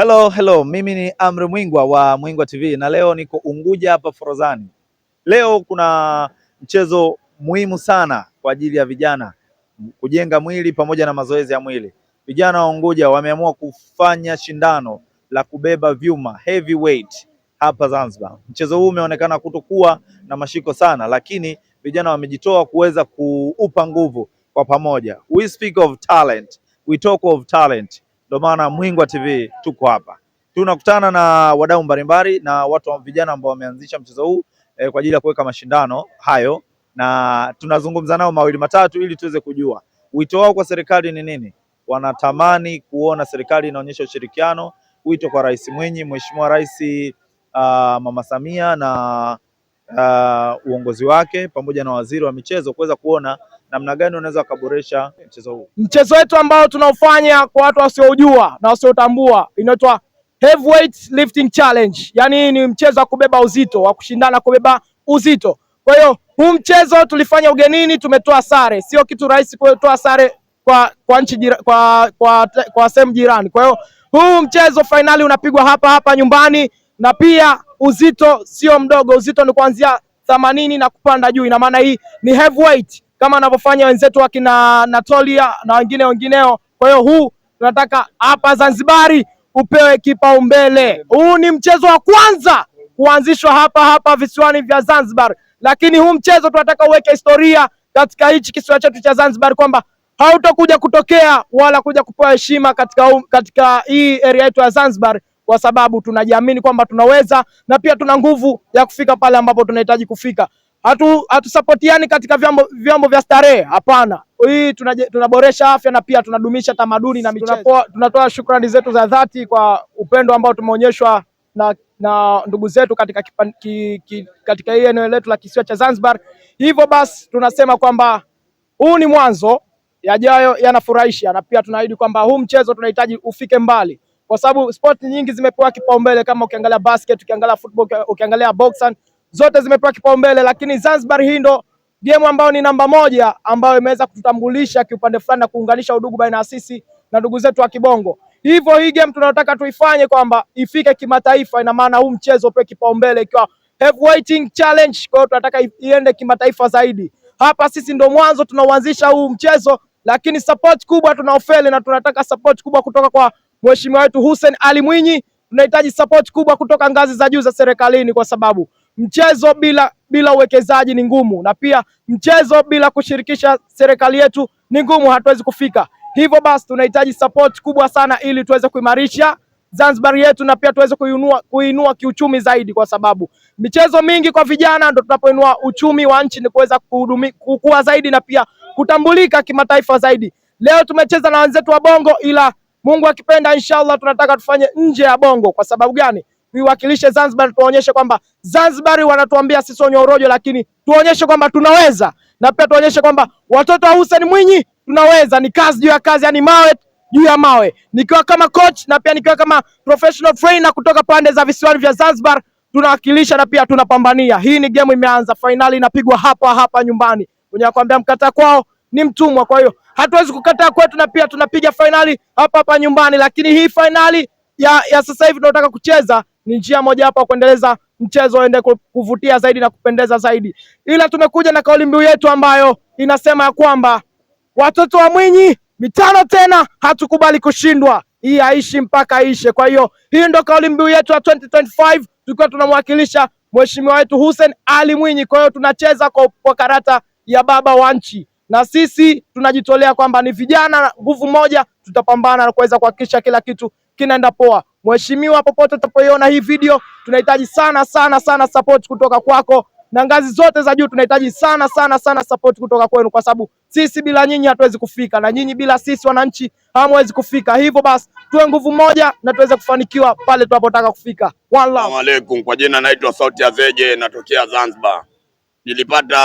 Hello, hello. Mimi ni Amri Mwingwa wa Mwingwa TV na leo niko Unguja hapa Forodhani. Leo kuna mchezo muhimu sana kwa ajili ya vijana kujenga mwili pamoja na mazoezi ya mwili. Vijana wa Unguja wameamua kufanya shindano la kubeba vyuma heavyweight hapa Zanzibar. Mchezo huu umeonekana kutokuwa na mashiko sana, lakini vijana wamejitoa kuweza kuupa nguvu kwa pamoja. We speak of talent. We talk of talent. Ndio maana Mwingwa TV tuko hapa, tunakutana na wadau mbalimbali na watu wa vijana ambao wameanzisha mchezo huu eh, kwa ajili ya kuweka mashindano hayo, na tunazungumza nao mawili matatu ili tuweze kujua wito wao kwa serikali ni nini. Wanatamani kuona serikali inaonyesha ushirikiano. Wito kwa Rais Mwinyi, Mheshimiwa Rais uh, Mama Samia na uh, uongozi wake pamoja na waziri wa michezo kuweza kuona namna gani unaweza kuboresha mchezo huu? Mchezo wetu ambao tunaofanya kwa watu wasiojua na wasiotambua inaitwa Heavyweight Lifting Challenge, Yani ni mchezo wa kubeba uzito, wa kushindana kubeba uzito. Kwa hiyo huu mchezo tulifanya ugenini, tumetoa sare. Sio kitu rahisi kutoa sare kwa kwa nchi jira, kwa kwa, kwa sehemu jirani. Kwa hiyo huu mchezo fainali unapigwa hapa hapa nyumbani, na pia uzito sio mdogo, uzito ni kuanzia themanini na kupanda juu. Ina maana hii ni heavyweight kama anavyofanya wenzetu wakina Natolia na wengine wengineo. Kwa hiyo huu tunataka hapa Zanzibari upewe kipaumbele. Huu ni mchezo wa kwanza kuanzishwa hapa hapa visiwani vya Zanzibar, lakini huu mchezo tunataka uweke historia katika hichi kisiwa chetu cha Zanzibar kwamba hautakuja kutokea wala kuja kupewa heshima katika, um, katika hii area yetu ya Zanzibar kwa sababu tunajiamini kwamba tunaweza na pia tuna nguvu ya kufika pale ambapo tunahitaji kufika hatu hatusapotiani katika vyombo, vyombo vya starehe hapana. Hii tunaboresha afya na pia tunadumisha tamaduni na michezo. Tunatoa shukrani zetu za dhati kwa upendo ambao tumeonyeshwa na, na ndugu zetu katika kipan, ki, ki, katika hii eneo letu la kisiwa cha Zanzibar. Hivyo basi tunasema kwamba huu ni mwanzo, yajayo yanafurahisha, na pia tunaahidi kwamba huu mchezo tunahitaji ufike mbali, kwa sababu sport nyingi zimepewa kipaumbele, kama ukiangalia basket, ukiangalia football, ukiangalia boxing zote zimepewa kipaumbele, lakini Zanzibar hii ndo game ambayo ni namba moja ambayo imeweza kututambulisha kiupande fulani na kuunganisha udugu baina ya sisi na ndugu zetu wa Kibongo. Hivyo hii game tunataka tuifanye kwamba ifike kimataifa, ina maana huu mchezo upewe kipaumbele ikiwa heavyweight challenge. Kwa hiyo tunataka iende kimataifa zaidi. Hapa sisi ndo mwanzo tunauanzisha huu mchezo, lakini support kubwa tunaofeli na tunataka support kubwa kutoka kwa mheshimiwa wetu Hussein Ali Mwinyi. Tunahitaji support kubwa kutoka ngazi za juu za serikalini kwa sababu mchezo bila bila uwekezaji ni ngumu, na pia mchezo bila kushirikisha serikali yetu ni ngumu, hatuwezi kufika. Hivyo basi tunahitaji support kubwa sana ili tuweze kuimarisha Zanzibar yetu na pia tuweze kuinua, kuinua kiuchumi zaidi, kwa sababu michezo mingi kwa vijana ndo tunapoinua uchumi wa nchi ni kuweza kukua zaidi na pia kutambulika kimataifa zaidi. Leo tumecheza na wenzetu wa Bongo, ila Mungu akipenda, inshallah tunataka tufanye nje ya Bongo. Kwa sababu gani? tuiwakilishe Zanzibar, tuonyeshe kwamba Zanzibar wanatuambia sisi rojo, lakini tuonyeshe kwamba tunaweza, na pia tuonyeshe kwamba watoto wa Hussein Mwinyi tunaweza. Ni kazi juu ya kazi, yani mawe juu ya mawe, nikiwa kama coach na pia nikiwa kama professional trainer kutoka pande za visiwani vya Zanzibar, tunawakilisha na pia tunapambania. Hii ni game imeanza, fainali inapigwa hapa hapa nyumbani. Mwenye kuambia mkata kwao ni mtumwa, kwa hiyo hatuwezi kukataa kwetu, na pia tunapiga fainali hapa hapa nyumbani. Lakini hii fainali ya, ya sasa hivi tunataka kucheza ni njia moja hapo kuendeleza mchezo uende kuvutia zaidi na kupendeza zaidi, ila tumekuja na kauli mbiu yetu ambayo inasema ya kwamba watoto wa Mwinyi mitano tena, hatukubali kushindwa, hii haishi mpaka ishe. Kwa hiyo hii ndo kauli mbiu yetu ya 2025 tukiwa tunamwakilisha mheshimiwa wetu Hussein Ali Mwinyi. Kwa hiyo tunacheza kwa, kwa karata ya baba wa nchi, na sisi tunajitolea kwamba ni vijana nguvu moja, tutapambana na kuweza kuhakikisha kila kitu kinaenda poa. Mheshimiwa, popote utapoiona hii video, tunahitaji sana sana sana support kutoka kwako na ngazi zote za juu tunahitaji sana sana sana support kutoka kwenu, kwa sababu sisi bila nyinyi hatuwezi kufika, na nyinyi bila sisi wananchi hamwezi kufika. Hivyo basi tuwe nguvu moja na tuweze kufanikiwa pale tunapotaka kufika. Assalamu alaikum, kwa jina naitwa Sauti Azeje, natokea Zanzibar. Nilipata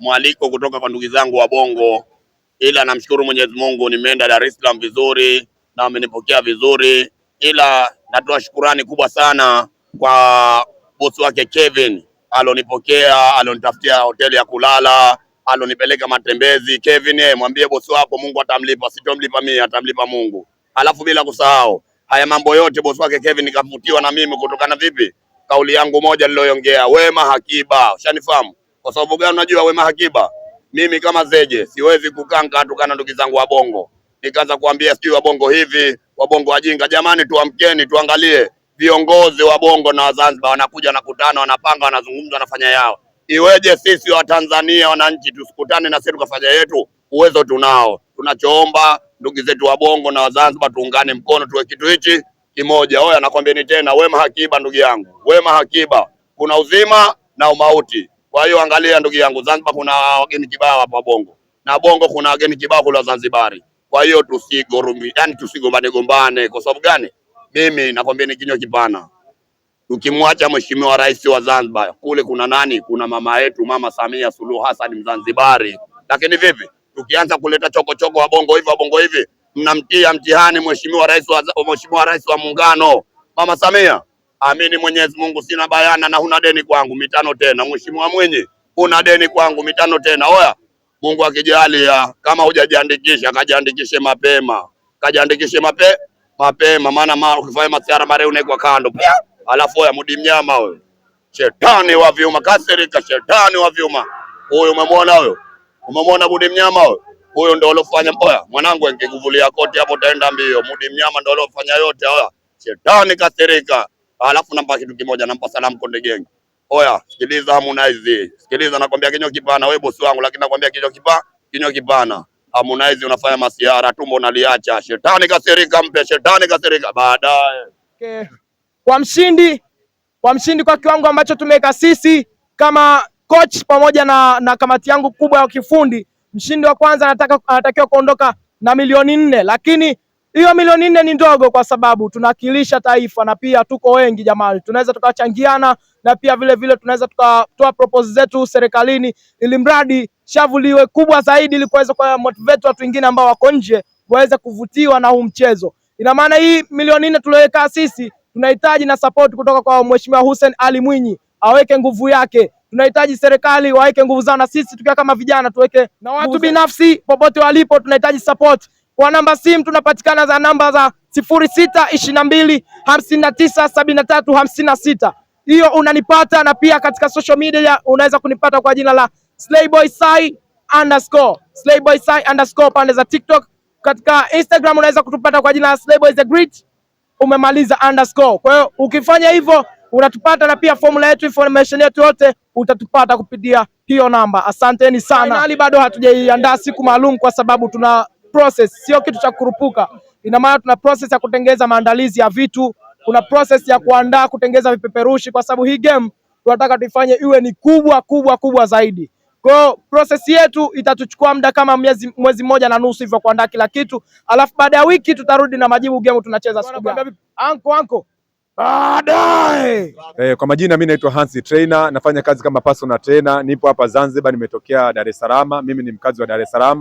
mwaliko kutoka kwa ndugu zangu wa Bongo, ila namshukuru Mwenyezi Mungu nimeenda Dar es Salaam vizuri na wamenipokea vizuri, ila natoa shukurani kubwa sana kwa bosi wake Kevin alonipokea, alonitafutia hoteli ya kulala, alonipeleka matembezi. Kevin, eh, mwambie bosi wako Mungu atamlipa, sitomlipa mimi, atamlipa Mungu. Alafu bila kusahau haya mambo yote, bosi wake Kevin nikavutiwa na mimi kutokana vipi, kauli yangu moja niloyongea, Wema Hakiba. Ushanifahamu kwa sababu gani? Unajua Wema Hakiba, mimi kama Zeje siwezi kukaa nikatukana ndugu zangu wa Bongo nikaanza kuambia sijui wabongo hivi, wabongo wajinga. Jamani, tuamkeni tuangalie viongozi wa Bongo na Wazanzibar wanakuja wanakutana, wanapanga, wanazungumza, wanafanya yao. Iweje sisi Watanzania wananchi tusikutane na sisi tukafanya yetu? Uwezo tunao. Tunachoomba ndugu zetu wa Bongo na Wazanzibar tuungane mkono, tuwe kitu hichi kimoja. Oya, nakwambieni tena, wema hakiba, ndugu yangu, wema hakiba. Kuna uzima na umauti. Kwa hiyo angalia, ndugu yangu, Zanzibar kuna wageni kibao hapa Bongo na Bongo kuna wageni kibao kula Zanzibari. Kwa hiyo tusigorumi, yani tusigombane gombane. Kwa sababu gani? Mimi nakwambia ni kinywa kipana. Tukimwacha mheshimiwa rais wa Zanzibar kule, kuna nani? Kuna mama yetu, mama Samia Suluhu Hassan, Mzanzibari. Lakini vipi tukianza kuleta chokochoko, wabongo hivi bongo hivi, mnamtia mtihani mheshimiwa rais wa mheshimiwa rais wa Muungano, mama Samia. Amini Mwenyezi Mungu, sina bayana na huna deni kwangu mitano tena. Mheshimiwa mwenye, una deni kwangu mitano tena. Oya, Mungu akijalia, kama hujajiandikisha kajiandikishe mapema, kajiandikishe mape, mapema maana ma, ukifanya mathiara mare unaekwa kando pia, alafu ya mudi mnyama wewe, shetani wa vyuma kasirika, shetani wa vyuma huyo. Umemwona huyo, umemwona mudi mnyama huyo, huyo ndio alofanya mboya. Mwanangu, nikikuvulia koti hapo utaenda mbio. Mudi mnyama ndio alofanya yote haya, shetani kasirika. Alafu nampa kitu kimoja, nampa salamu Konde Gang. Oya, sikiliza Harmonize. Sikiliza nakwambia kinywa kipana wewe bosi wangu lakini nakwambia kinywa kipana, kinywa kipana. Harmonize unafanya masiara, tumbo unaliacha. Shetani kasirika mpe, shetani kasirika baadaye. Okay. Kwa mshindi, kwa mshindi kwa kiwango ambacho tumeweka sisi kama coach pamoja na, na kamati yangu kubwa ya kifundi, mshindi wa kwanza anataka anatakiwa kuondoka na milioni nne, lakini hiyo milioni nne ni ndogo, kwa sababu tunawakilisha taifa na pia tuko wengi jamani, tunaweza tukachangiana na pia vile vile tunaweza tukatoa proposal zetu serikalini, ili mradi shavu liwe kubwa zaidi, ili kuweza kwa motivate watu wengine ambao wako nje waweze kuvutiwa na huu mchezo. Ina maana hii milioni nne tulioweka sisi tunahitaji na support kutoka kwa Mheshimiwa Hussein Ali Mwinyi aweke nguvu yake tunahitaji serikali waweke nguvu zao, na sisi tukiwa kama vijana tuweke na watu binafsi popote walipo, tunahitaji support. Kwa namba simu tunapatikana za namba za sifuri sita ishirini na mbili hamsini na tisa sabini na tatu hamsini na sita hiyo unanipata, na pia katika social media unaweza kunipata kwa jina la Slayboy Sai underscore Slayboy Sai underscore pande za TikTok. Katika Instagram unaweza kutupata kwa jina la Slayboy the Great umemaliza underscore. Kwa hiyo ukifanya hivyo unatupata, na pia formula yetu, information yetu yote utatupata kupitia hiyo namba. Asanteni sana. Finali bado hatujaiandaa siku maalum kwa sababu tuna process, sio kitu cha kurupuka. Ina maana tuna process ya kutengeza maandalizi ya vitu kuna process ya kuandaa kutengeza vipeperushi, kwa sababu hii game tunataka tuifanye iwe ni kubwa kubwa kubwa zaidi. Kwa process yetu itatuchukua muda kama mwezi, mwezi mmoja na nusu hivyo kuandaa kila kitu, alafu baada ya wiki tutarudi na majibu game tunacheza siku gani. Anko anko baadaye. Eh, kwa majina mimi naitwa Hansi Trainer, nafanya kazi kama personal trainer, nipo hapa Zanzibar, nimetokea Dar es Salaam, mimi ni mkazi wa Dar es Salaam.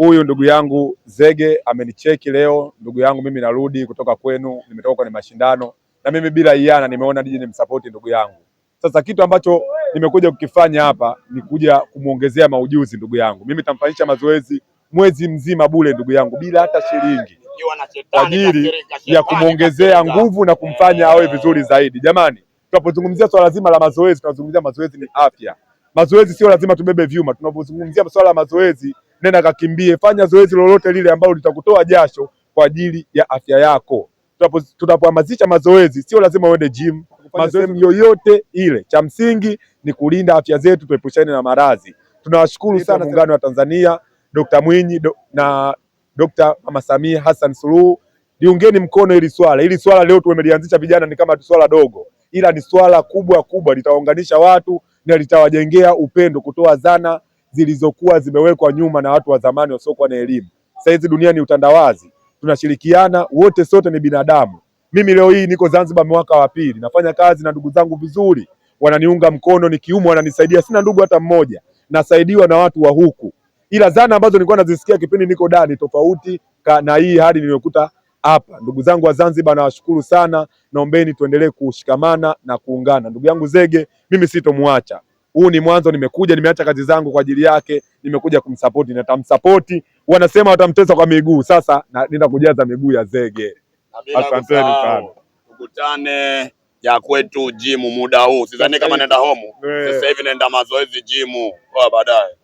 Huyu ndugu yangu Zege amenicheki leo, ndugu yangu, mimi narudi kutoka kwenu, nimetoka kwenye mashindano na mimi bila iana, nimeona nije nimsapoti ndugu yangu. Sasa kitu ambacho nimekuja kukifanya hapa ni kuja kumwongezea maujuzi ndugu yangu. Mimi nitamfanyisha mazoezi mwezi mzima bule ndugu yangu bila hata shilingi, kwa ajili ya kumwongezea nguvu na kumfanya awe vizuri zaidi. Jamani, tunapozungumzia swala zima la mazoezi, tunazungumzia mazoezi ni afya. Mazoezi sio lazima tubebe vyuma. Tunapozungumzia swala la mazoezi nenda kakimbie, fanya zoezi lolote lile ambalo litakutoa jasho kwa ajili ya afya yako. Tunapohamasisha mazoezi, sio lazima uende gym, mazoezi yoyote ile, cha msingi ni kulinda afya zetu, tuepushane na maradhi. Tunawashukuru sana muungano wa Tanzania, Dr. Mwinyi do, na Dr. Mama Samia Hassan Suluhu, liungeni mkono hili swala. ili swala leo tumelianzisha vijana, ni kama swala dogo, ila ni swala kubwa kubwa, litawaunganisha watu na litawajengea upendo, kutoa zana zilizokuwa zimewekwa nyuma na watu wa zamani wasiokuwa na elimu. Sasa hizi dunia ni utandawazi, tunashirikiana wote, sote ni binadamu. Mimi leo hii niko Zanzibar mwaka wa pili, nafanya kazi na ndugu zangu vizuri, wananiunga mkono, nikiumwa wananisaidia. Sina ndugu hata mmoja, nasaidiwa na watu wa huku, ila zana ambazo nilikuwa nazisikia kipindi niko ndani tofauti na hii hali niliyokuta hapa. Ndugu zangu wa Zanzibar, nawashukuru sana, naombeni tuendelee kushikamana na kuungana. Ndugu yangu Zege, mimi sitomwacha huu ni mwanzo, nimekuja nimeacha kazi zangu kwa ajili yake, nimekuja kumsapoti na tamsapoti. Wanasema watamtesa kwa miguu, sasa nenda kujaza miguu ya zege. Asanteni sana, tukutane ya kwetu jimu muda huu, sidhani kama naenda homu sasa hivi, naenda mazoezi jimu kwa baadaye.